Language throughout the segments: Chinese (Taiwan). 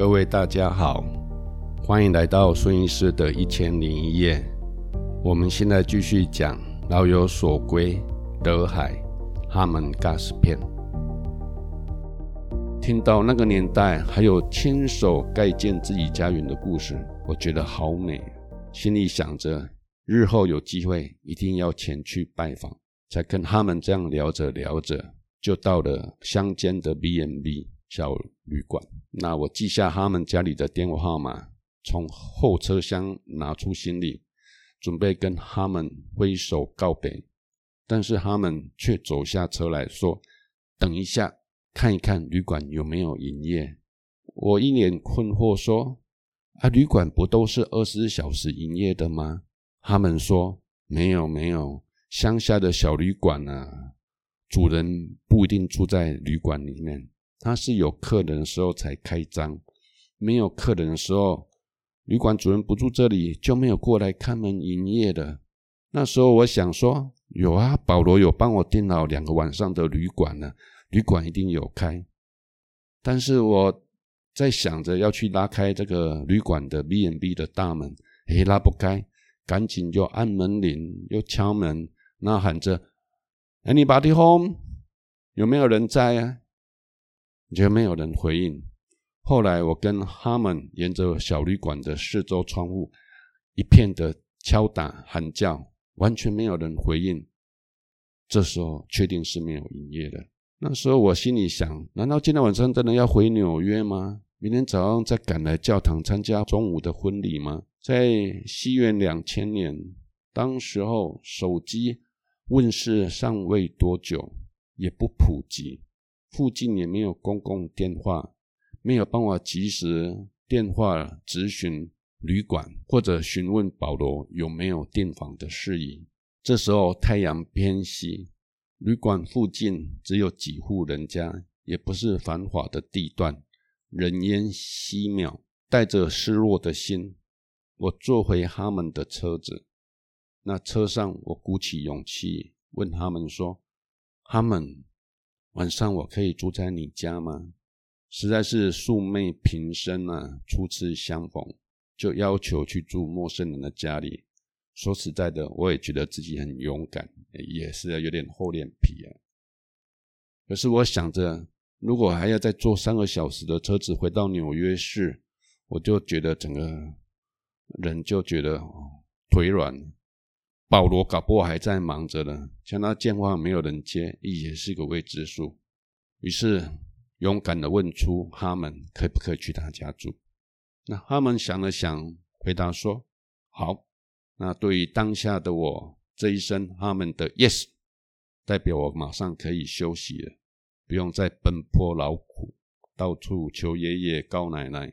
各位大家好，歡迎來到孫醫師的一千零一夜。我們現在繼續講《老有所歸》德亥哈門尬斯篇，聽到那個年代還有親手蓋建自己家園的故事，我覺得好美。心裡想着，日後有機會一定要前去拜訪，才跟他們這樣聊着聊着，就到了鄉間的 B&B，B 小旅館，那我記下他們家裡的電話號碼，從後車廂拿出行李，準備跟他們揮手告別。但是他們卻走下車來說：“等一下，看一看旅館有沒有營業。”我一臉困惑說：“啊，旅館不都是二十四小時營業的嗎？”他們說：“沒有，沒有，鄉下的小旅館啊，主人不一定住在旅館裡面。”他是有客人的時候才開張，沒有客人的時候，旅館主人不住這裡，就沒有過來開門營業的。那時候我想說，有啊，保羅有幫我訂了兩個晚上的旅館呢，旅館一定有開。但是我在想着要去拉開這個旅館的 B&B 的大門，誒，拉不開，趕緊就按門鈴，又敲門，吶喊着 “Anybody home？有沒有人在啊？”完全沒有人回應。後來我跟哈門沿着小旅館的四周窗戶，一片的敲打喊叫，完全沒有人回應。這時候確定是沒有營業的。那時候我心裡想：難道今天晚上真的要回紐約嗎？明天早上再趕來教堂參加中午的婚禮嗎？在西元兩千年，當時候手機問世尚未多久，也不普及。附近也沒有公共電話，沒有辦法及時電話諮詢旅館或者詢問保羅有沒有訂房的事宜。這時候太陽偏西，旅館附近只有幾戶人家，也不是繁華的地段，人煙稀渺。帶着失落的心，我坐回他們的車子。那車上，我鼓起勇氣問他們說：“哈門晚上我可以住在你家嗎？實在是素昧平生啊，初次相逢就要求去住陌生人的家裡，說實在的，我也覺得自己很勇敢，也是有點厚臉皮啊。可是我想着，如果還要再坐三個小時的車子回到紐約市，我就覺得整個人就覺得，哦，腿軟。保羅搞不好還在忙着呢，像他電話沒有人接，也也是個未知數。於是勇敢地問出他們可不可以去他家住。那他們想了想，回答說好。那對於當下的我這一生，他們的 yes 代表我馬上可以休息了，不用再奔波勞苦，到處求爺爺告奶奶，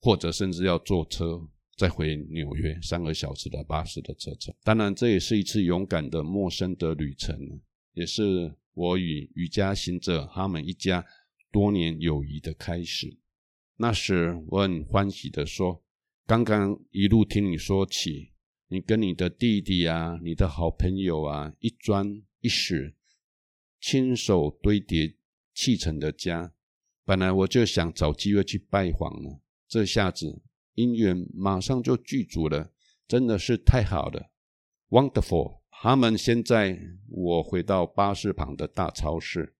或者甚至要坐車，再回紐約，三個小時的巴士的車程。當然，這也是一次勇敢的、陌生的旅程，也是我與瑜伽行者他們一家多年友誼的開始。那時我很歡喜的說：“剛剛一路聽你說起，你跟你的弟弟啊，你的好朋友啊，一磚一石親手堆疊砌成的家。本來我就想找機會去拜訪了，這下子。”姻緣馬上就具足了，真的是太好了，wonderful。他們現在我回到巴士旁的大超市，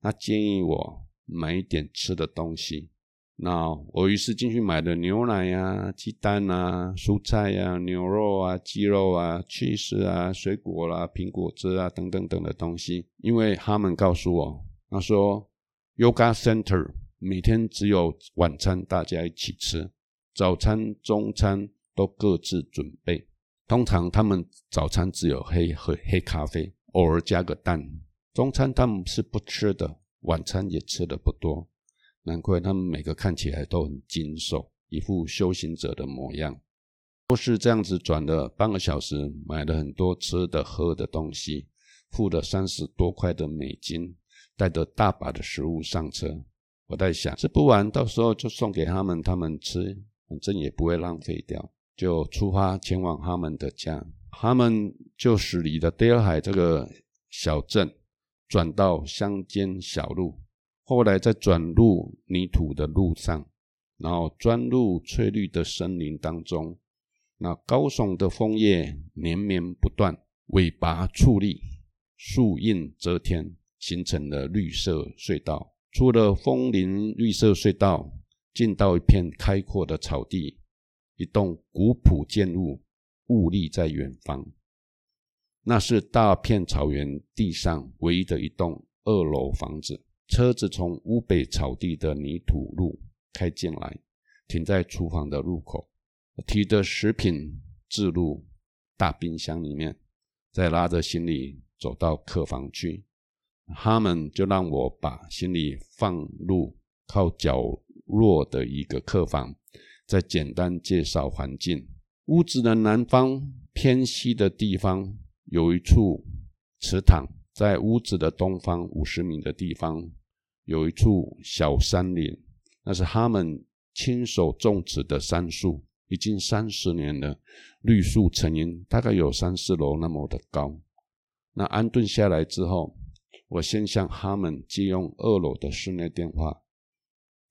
他建議我買一點吃的東西。那我於是進去買的牛奶啊、雞蛋啊、蔬菜啊、牛肉啊、雞肉啊、起司啊、水果啦、啊、蘋果汁啊等,等等等的東西。因為他們告訴我，他說 Yoga Center 每天只有晚餐大家一起吃。早餐、中餐都各自準備。通常他們早餐只有黑黑黑咖啡，偶爾加個蛋。中餐他們是不吃的，晚餐也吃的不多。難怪他們每個看起來都很精瘦，一副修行者的模樣。都是這樣子轉了半個小時，買了很多吃的喝的東西，付了三十多塊的美金，帶着大把的食物上車。我在想，吃不完，到時候就送給他們，他們吃。反正也不會浪費掉，就出發前往他們的家。他們就駛離了德亥這個小鎮，轉到鄉間小路，後來再轉入泥土的路上，然後鑽入翠綠的森林當中。那高聳的楓葉連綿不斷，巍拔矗立，樹蔭遮天，形成了綠色隧道。出了楓林綠色隧道，進到一片開闊的草地，一棟古樸建築物兀立在遠方。那是大片草原地上唯一的一棟二樓房子。車子從屋北草地的泥土路開進來，停在廚房的入口，提着食品置入大冰箱裡面，再拉着行李走到客房去。他們就讓我把行李放入靠腳。弱的一個客房，再簡單介紹環境。屋子的南方偏西的地方有一處池塘，在屋子的東方五十米的地方有一處小山林，那是他們親手種植的杉樹，已經三十年了，綠樹成蔭，大概有三四樓那麼的高。那安頓下來之後，我先向他們借用二樓的室內電話。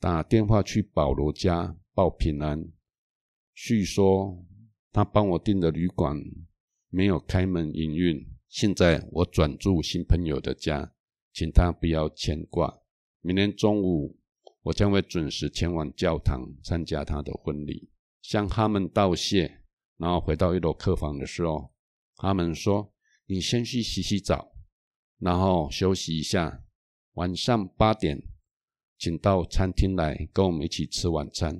打電話去保羅家報平安，敘說他幫我訂的旅館沒有開門營運，現在我轉住新朋友的家，請他不要牽掛。明天中午我將會準時前往教堂參加他的婚禮，向他們道謝。然後回到一樓客房的時候，他們說：“你先去洗洗澡，然後休息一下，晚上八點。”請到餐廳來跟我們一起吃晚餐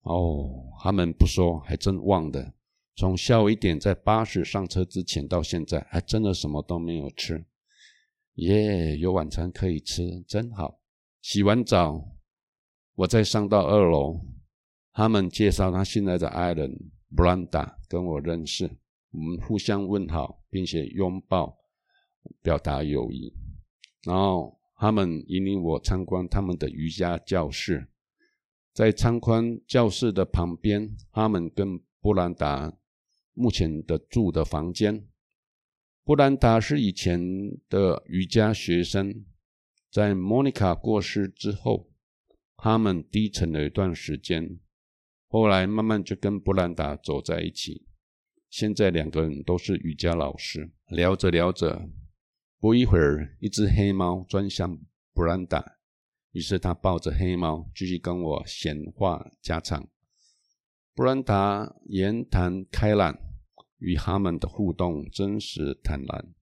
哦。Oh, 他們不說，還真忘的。從下午一點在巴士上車之前到現在，還真的什麼都沒有吃。耶、yeah，有晚餐可以吃，真好。洗完澡，我再上到二樓，他們介紹他新來的愛人 Brenda 跟我認識，我們互相問好，並且擁抱，表達友誼，然後。他們引領我參觀他們的瑜伽教室，在參觀教室的旁邊，他們跟布蘭達目前的住的房間。布蘭達是以前的瑜伽學生，在莫妮卡過世之後，他們低沉了一段時間，後來慢慢就跟布蘭達走在一起。現在兩個人都是瑜伽老師，聊着聊着。不一會兒，一隻黑貓轉向布蘭達，於是他抱着黑貓繼續跟我閒話家常。布蘭達言談開朗，與哈門的互動真實坦然，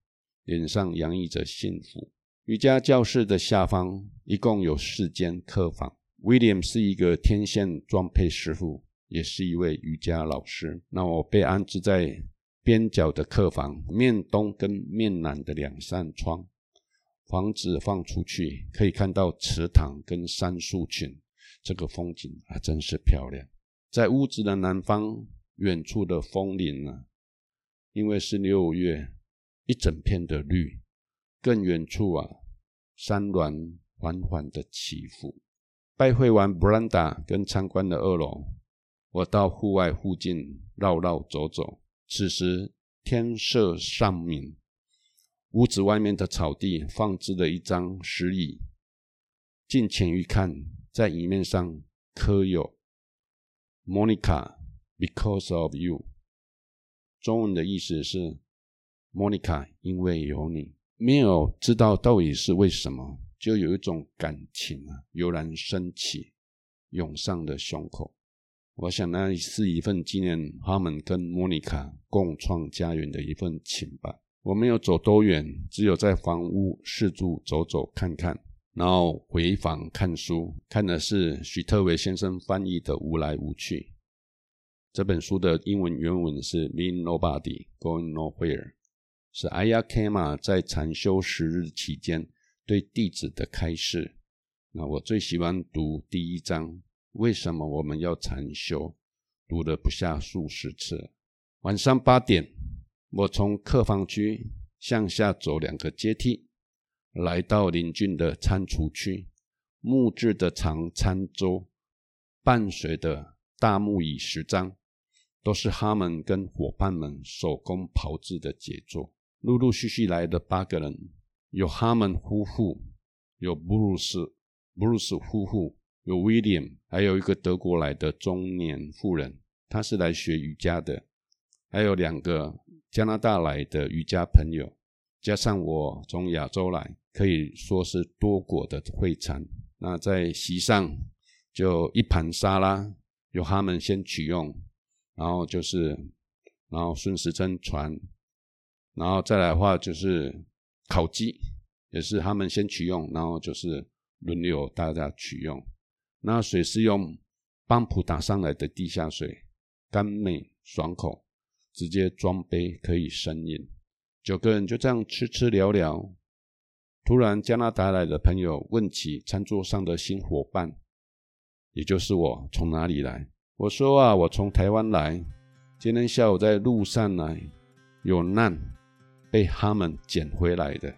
臉上洋溢着幸福。瑜伽教室的下方一共有四間客房。William 是一個天線裝配師傅，也是一位瑜伽老師。那我被安置在，邊角的客房，面東跟面南的兩扇窗，房子放出去可以看到池塘跟杉樹群，這個風景還、啊、真是漂亮。在屋子的南方，遠處的楓林啊，因為是六月，一整片的綠。更遠處啊，山巒緩緩的起伏。拜會完 Brenda 跟參觀的二樓，我到戶外附近繞繞走走。此時天色尚明，屋子外面的草地放置了一張石椅，近前一看，在椅面上刻有 “Monica because of you”，中文的意思是 “Monica 因為有你”，沒有知道到底是為什麼，就有一種感情啊，油然升起，湧上了胸口。我想呢，是一份紀念他們跟莫妮卡共創家園的一份情吧。我沒有走多遠，只有在房屋四處走走看看，然後回房看書，看的是徐特維先生翻譯的《無來無去》這本書的英文原文是 “Mean Nobody Going Nowhere”，是艾亞凱瑪在禪修十日期間對弟子的開示。那我最喜歡讀第一章。為什麼我們要禪修？讀了不下數十次。晚上八點，我從客房區向下走兩個階梯，來到鄰近的餐廚區。木質的長餐桌，伴隨的大木椅十張，都是哈門跟伙伴們手工刨制的傑作。陸陸續續來的八個人，有哈門夫婦，有布魯斯、布魯斯夫婦。有 William，還有一個德國來的中年婦人，她是來學瑜伽的。還有兩個加拿大來的瑜伽朋友，加上我從亞洲來，可以說是多國的會餐。那在席上就一盤沙拉，由他們先取用，然後就是然後順時針傳，然後再來的話就是烤雞，也是他們先取用，然後就是輪流大家取用。那水是用泵浦打上來的地下水，甘美爽口，直接裝杯可以生飲。九個人就這樣吃吃聊聊。突然，加拿大來的朋友問起餐桌上的新夥伴，也就是我，從哪裡來？我說啊，我從台灣來。今天下午在路上來有難，被他們撿回來的，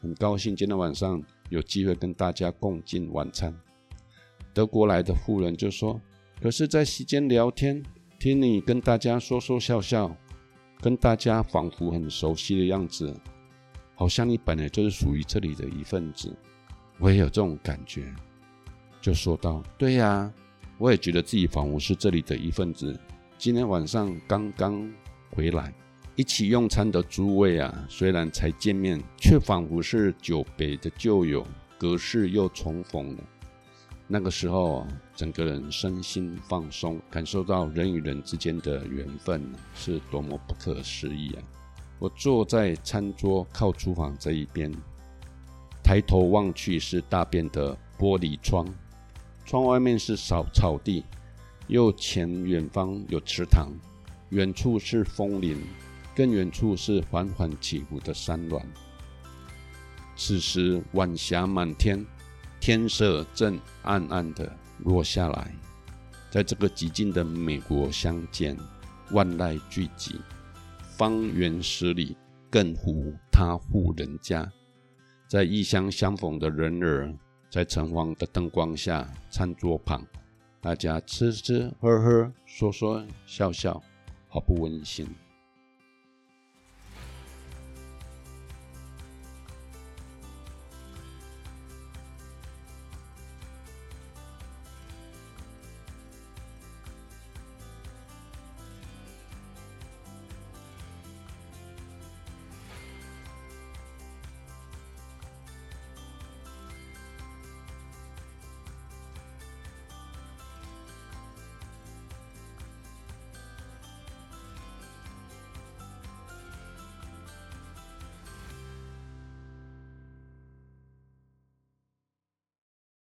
很高興今天晚上有機會跟大家共進晚餐。德國來的富人就說：“可是，在席間聊天，聽你跟大家說說笑笑，跟大家仿佛很熟悉的樣子，好像你本來就是屬於這裡的一份子。”我也有這種感覺，就說道：“對呀、啊，我也覺得自己仿佛是這裡的一份子。今天晚上剛剛回來，一起用餐的諸位啊，雖然才見面，卻仿佛是久別的舊友，隔世又重逢了。”那個時候，整個人身心放鬆，感受到人與人之間的緣分是多麼不可思議啊！我坐在餐桌靠廚房這一邊，抬頭望去是大片的玻璃窗，窗外面是草草地，右前遠方有池塘，遠處是楓林，更遠處是緩緩起伏的山巒。此時晚霞滿天。天色正暗暗地落下來，在這個寂靜的美國鄉間，萬籟俱寂，方圓十里更無他戶人家。在異鄉相逢的人兒，在橙黃的燈光下，餐桌旁，大家吃吃喝喝，說說笑笑，好不溫馨。